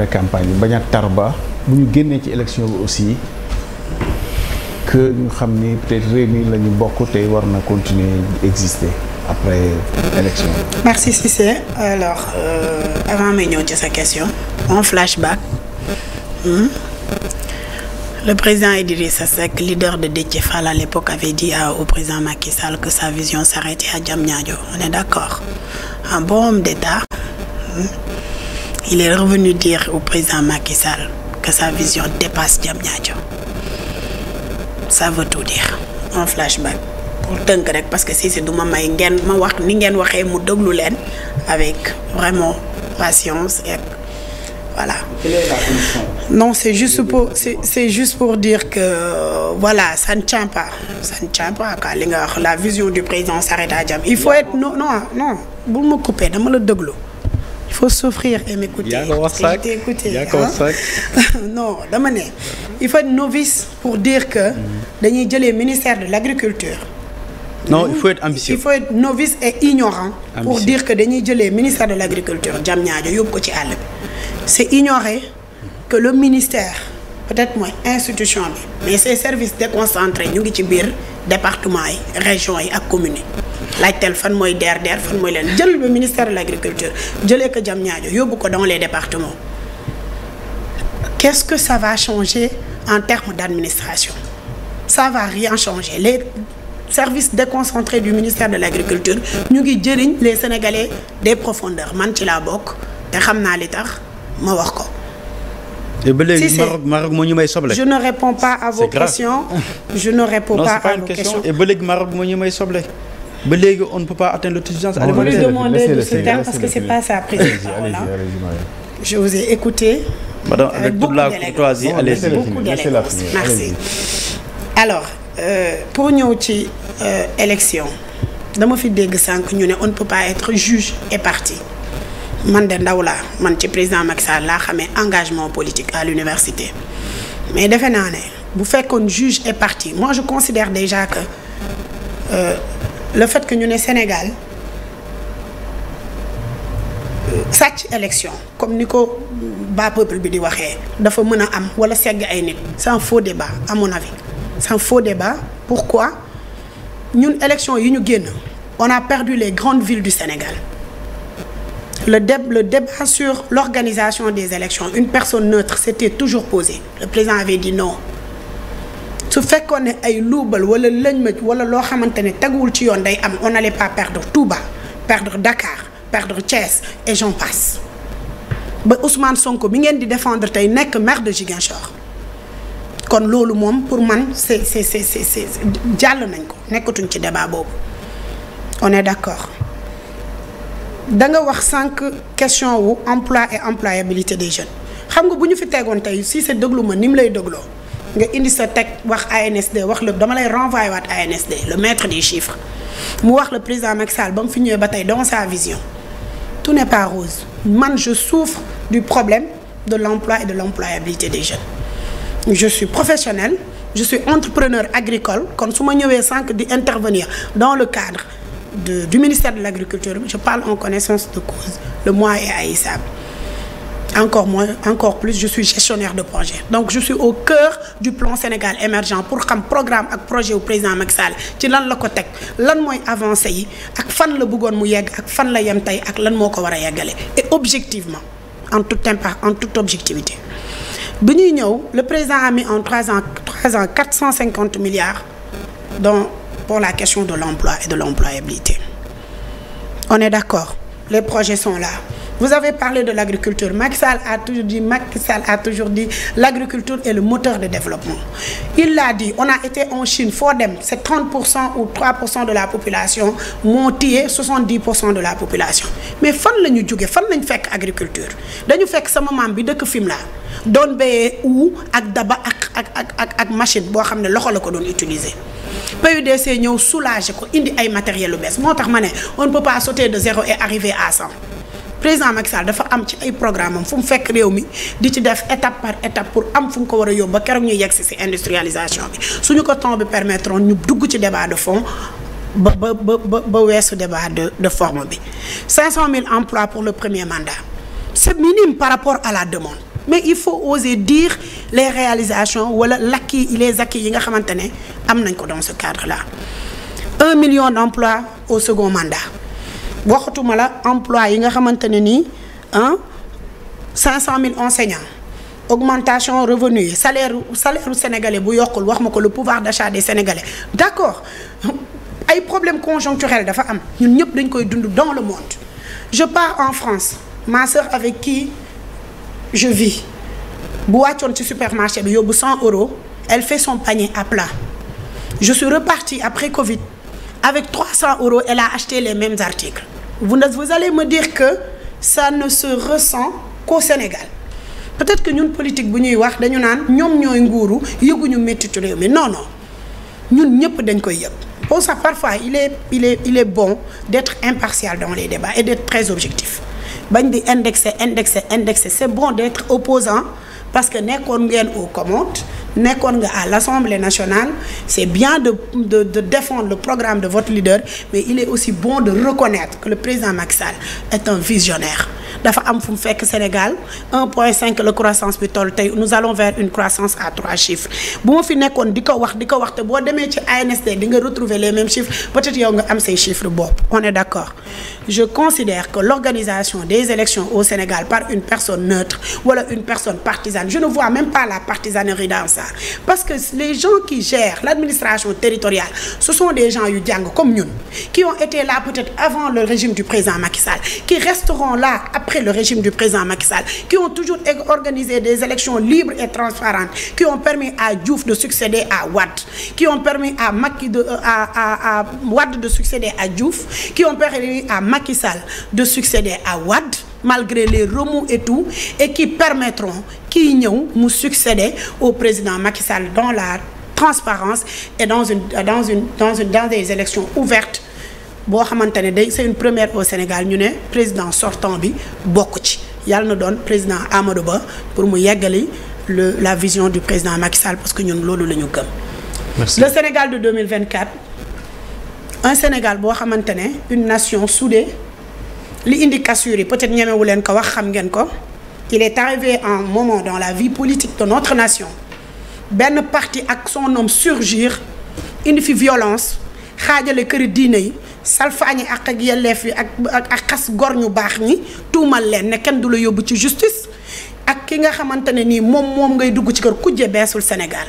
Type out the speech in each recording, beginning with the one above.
après campagne bi bañ a tar ba bu ñu génnee ci élection bi aussi que ñu xam ni peut réew mi la ñu bokk tey war na continuer exister après élection merci Cissé alors euh, avant may ñëw ci sa question en flashback hmm? Le président Idrissa Seck, leader de Déthié Fall à l'époque, avait dit à, au président Macky que sa vision s'arrêtait à Diamniadio. On est d'accord. Un bon d'État. Hmm? il est revenu dire au président Macky Sall que sa vision dépasse Diamniadio ça veut tout dire en flashback pour tënk rek parce que si si duma may ngeen ma wax ni ngeen waxee mu déglu leen avec vraiment patience et voilà. non c'est juste pour c'est juste pour dire que voilà ça ne tient pas ça ne tient pas quoi li nga wax la vision du président s'arrête à Diam il faut être non non non bul dama la déglu. il faut s'offrir et m'écouter. yaa ko wax sànq yaa ko ne il faut novice pour dire que. dañuy jëlee ministère de l' agriculture. non il faut être ambitieux il faut être novice et ignorant. pour dire que dañuy jëlee ministère de l' agriculture jam ñaajo yóbbu ko ci àll bi. c' est ignorer que le ministère peut-être mooy institution bi mais service services déconcentrés ñu ngi ci biir département yi région yi ak communes yi. laajteel fan mooy DRDR fan mooy leen jël ba ministère de l' agriculture jëlee ko jam ñaajo yóbbu ko dans les départements qu'est-ce que ça va changer en terme d' administration ça va rien changer les services déconcentrés du ministère de l' ñu ngi jëriñ les sénégalais des profondeurs man ci laa bokk te xam naa li tax ma wax ko. ba léegi Maroc Maroc moo ñu may soble. je ne réponds pas à vos questions. je ne réponds pas, pas à vos questions. et moo ñu may soble. ba léegi on ne peut pas atteindre l'autosuffisance alimentaire. On lui demandait de se taire parce que c'est pas sa présidence. Je vous ai écouté. la courtoisie, Alors euh, pour ñëw ci euh, dama fi dégg sànq ñu ne on ne peut pas être parti man de ndaw la man ci président Macky Sall laa xamee engagement politique à l'université mais defe naa ne bu fekkoon juge et parti moi je considère déjà que. Euh, le fait que ñu ne Sénégal sàcc élection comme ni ko ba peuple bi di waxee dafa mën a am wala segg ay nit sans faux débat à mon avis sans faux débat pourquoi ñun élection yi ñu génn on a perdu les grandes villes du Sénégal le dé le débat sur l'organisation des élections une personne neutre s'était toujours posé le président avait dit non su fekkoon ne ay luubal wala lëñmëj wala loo xamante ne teguwul ci yoon day am on n'allait pas perdre Touba perdre Dakar perdre Thiès et j'en passe ba Ousmane Sonko bi ngeen di defendre tey nekk maire de Ziguinchor kon loolu moom pour man c'est c'est c'est jàll nañ ko nekkatuñ ci débat boobu on est d'accord da nga wax cinq question wu emploi et employabilité des jeunes xam nga bu ñu fi tegoon tey si c'est déglu ma ni mu lay dégloo. nga indi sa teg wax ANSD wax la dama lay renvoyé waat ANSD le maître des chiffres mu wax la président Macky Sall ba mu fi ñëwee ba tey dans sa vision tout n'est pas rose man je souffre du problème de l'emploi et de l'employabilité des jeunes je suis professionnel je suis entrepreneur agricole kon su ma ñëwee sànq di intervenir dans le cadre de du ministère de l'agriculture je parle en connaissance de cause le moi ay haïssable encore moins encore plus je suis gestionnaire de projet donc je suis au cœur du plan Sénégal émergent pour xam programme ak projet wu président Macky Sall ci lan la ko teg lan mooy avancé yi ak fan la bëggoon mu yegg ak fan la yem tey ak lan moo ko war a yeggale et objectivement en tout impact en toute objectivité bu ñuy ñëw le président a mis en trois quatre cent cinquante milliards donc pour la question de l'emploi et de l'employabilité on est d'accord les projets sont là vous avez parlé de l'agriculture Macky Sall a toujours dit Macky Sall a toujours dit l'agriculture est le moteur de développement il l'a dit on a été en Chine foo dem c'est 30 pour cent ou 3 pour cent de la population moo téye de la population mais fan la ñu jóge fan lañ fekk agriculture dañu fekk sama maam bi dëkk Fimela doon béyee uu ak daba ak ak ak ak ak machine boo xam ne loxo la ko doon utiliser PUDC ñëw soulager ko indi ay matériel lu bees moo tax ma ne on ne peut pas sauter de zéro à cent président Macky Sall dafa am ci ay programme fu mu fekk réew mi di ci def étape par étape pour am fu mu ko war a yóbbu ba keroog ñu yegg si si industrialisation bi suñu ko temps bi permettre ñu dugg ci débat de fond ba ba ba ba weesu débat de de forme bi cinq 500 mille emplois pour le premier mandat c'est minime par rapport à la demande mais il faut oser dire les réalisations wala lakki les acquis yi nga xamante ne am nañ ko dans ce cadre là un million d'emplois au second mandat waxatuma la emploi yi nga xamante ne nii ah 500000 enseignants augmentation revenu yi salaire salaire sénégalais bu yokkul wax ma ko le pouvoir d'achat des sénégalais d'accord ay problème conjoncturel dafa am ñun ñëpp dañ koy dund dans le monde je pars en France ma sœur avec qui je vis bu wàccoon ci supermarché bi yóbbu 100 euros elle fait son panier à plat je suis repartie après Covid avec 300 euro et la acheté les mêmes articles. Vous, vous allez ma dire que ça ne se ressent qu'au Sénégal. Peut-être que ñun politique bu ñuy wax dañu naan ñoom ñooy nguuru yëguñu méttitu réew mi non non ñun ñëpp dañ koy yëg. Pour sax parfois il est il est il est bon d'être impartial dans les débats et d'être très objectif bañ di indexer indexer indexer c'est bon d'être opposant parce que nekkoon ngeen au commandes nekkoon nga à l'Assemblée nationale c'est bien de de défendre le programme de votre leader mais il est aussi bon de reconnaître que le président Macky Sall est un visionnaire dafa am fu mu fekk Sénégal 1.5 la croissance bi toll tey nous allons vers une croissance à trois chiffres bu ma fi nekkoon di ko wax di ko wax te boo demee ci ANSD di nga retrouver les mêmes chiffres peut-être yow nga am say chiffres bopp on est d'accord je considère que l'organisation des élections au Sénégal par une personne neutre wala une personne partisane je ne vois même pas la partisanerie dans ça parce que les gens qui gèrent l'administration territoriale ce sont jàng comme ñun qui ont été là peut-être avant le régime du président Macky Sall qui resteront là après le régime du président Macky Sall qui ont toujours organisé des élections libres et transparentes qui ont permis à Diouf de succéder à Wade qui ont permis à Macky de euh, à à à Wade de succéder à Diouf qui ont permis à Macky de succéder à Wade malgré les remous et tout et qui permettront kii ñëw mu succéder au président Macky Sall dans la transparence et dans une dans une dans une dans des élections ouvertes boo xamante ne day c'est une première au Sénégal ñu ne président sortant bi bokk ci yàlla na doon président Amadou Ba pour mu yeggali le la vision du président Macky Sall parce que ñun loolu lañu gëm. merci le Sénégal de 2024 un Sénégal boo xamante ne une nation soudée li indi cassure yi peut-être ñemewu leen ko wax xam ngeen ko il est arrivé un moment dans la vie politique de notre nation. benn parti ak son homme surgir indi fi violence xaajale këri diine yi salfaañi ak ak yelleef yi ak ak xas gor ñu baax ñi tuumal leen ne kenn du la yóbbu ci justice ak ki nga xamante ne nii moom moom ngay dugg ci kër kujje beesul Sénégal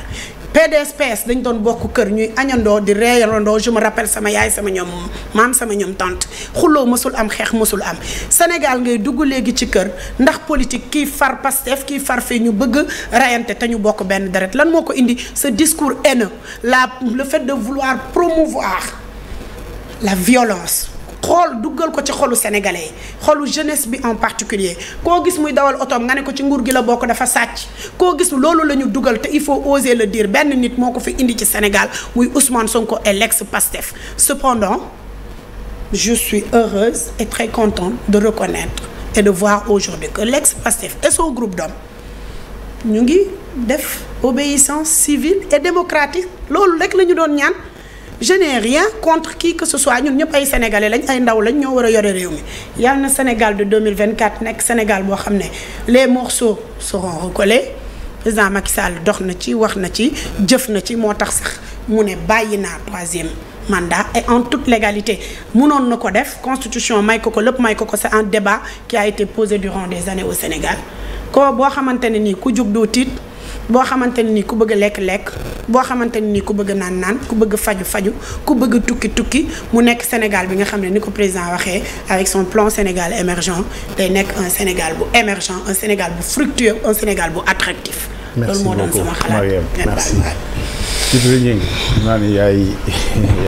PDS PS dañu doon bokk kër ñuy añandoo di reeyandoo je me rappelle sama yaay sama ñoom maam sama ñoom tante xuloo mësul am xeex mësul am Sénégal ngay dugg léegi ci kër ndax politique kii far Pastef kii far fee ñu bëgg rayante te ñu bokk benn deret lan moo ko indi ce discours haineux la le fait de vouloir promouvoir la violence xool duggal ko ci xolu sénégalais yi xolu jeunesse bi en particulier koo gis muy dawal otoom nga ne ko ci nguur gi la bokk dafa sàcc koo gis loolu la ñu dugal te il faut oser le dire benn nit moo ko fi indi ci Sénégal muy Ousmane ko et l'ex-Pastef cependant je suis heureuse et très contente de reconnaître et de voir aujourd'hui que l'ex-Pastef et son groupe d'hommes ñu ngi def obéissance civile et démocratique loolu rek la ñu doon ñaan je n'ai rien contre qui que ce soit ñun ñëpp ay sénégalais lañ ay ndaw lañ ñoo war a yore réew mi yàlla na Sénégal de 2024 nekk Sénégal boo xam ne les morceaux seront recollés président Macky Sall dox na ci wax na ci jëf na ci moo tax sax mu ne bàyyi naa troisième mandat et en toute légalité mënoon na ko def constitution may ko ko lépp may ko ko c'est un débat ki a été posé durant des années au Sénégal ko boo xamante nii ku jug doo tiit boo xamante nii ku bëgg lekk lekk boo xamante ne ni ku bëgg naan naan ku bëgg faju faju ku bëgg tukki tukki mu nekk Sénégal bi nga xam ne ni ko président waxee avec son plan Sénégal émergent day nekk un Sénégal bu émergent un Sénégal bu fructueux un Sénégal bu attractif. loolu moo doon sama xalaat merci yaay.